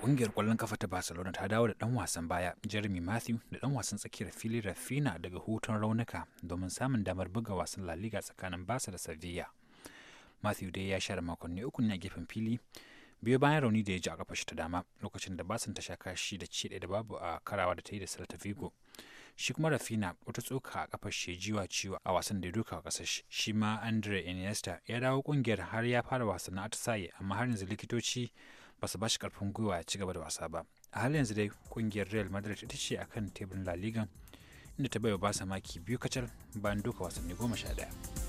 Ƙungiyar kwallon kafa ta Barcelona ta dawo da ɗan wasan baya Jeremy Matthew da ɗan wasan tsakiyar fili rafina daga hutun raunuka domin samun damar buga wasan La Liga tsakanin Barca da Sevilla. Matthew dai ya share makonni uku ne a gefen fili biyo bayan rauni da ya ji a kafa shi ta dama lokacin da Barca ta sha kashi da ci da babu a karawa da ta yi da Celta Vigo. shi kuma Rafina wata tsoka a kafa shi jiwa ciwa a wasan da ya duka a kasar shi shi ma Andre Iniesta ya dawo kungiyar har ya fara wasannin atisaye amma har yanzu likitoci ba su ba shi karfin gwiwa ya ci gaba da wasa ba a halin yanzu dai kungiyar real madrid ita ce akan teburin la liga inda ta baiwa basa maki biyu kacal bayan duka wasanni goma sha daya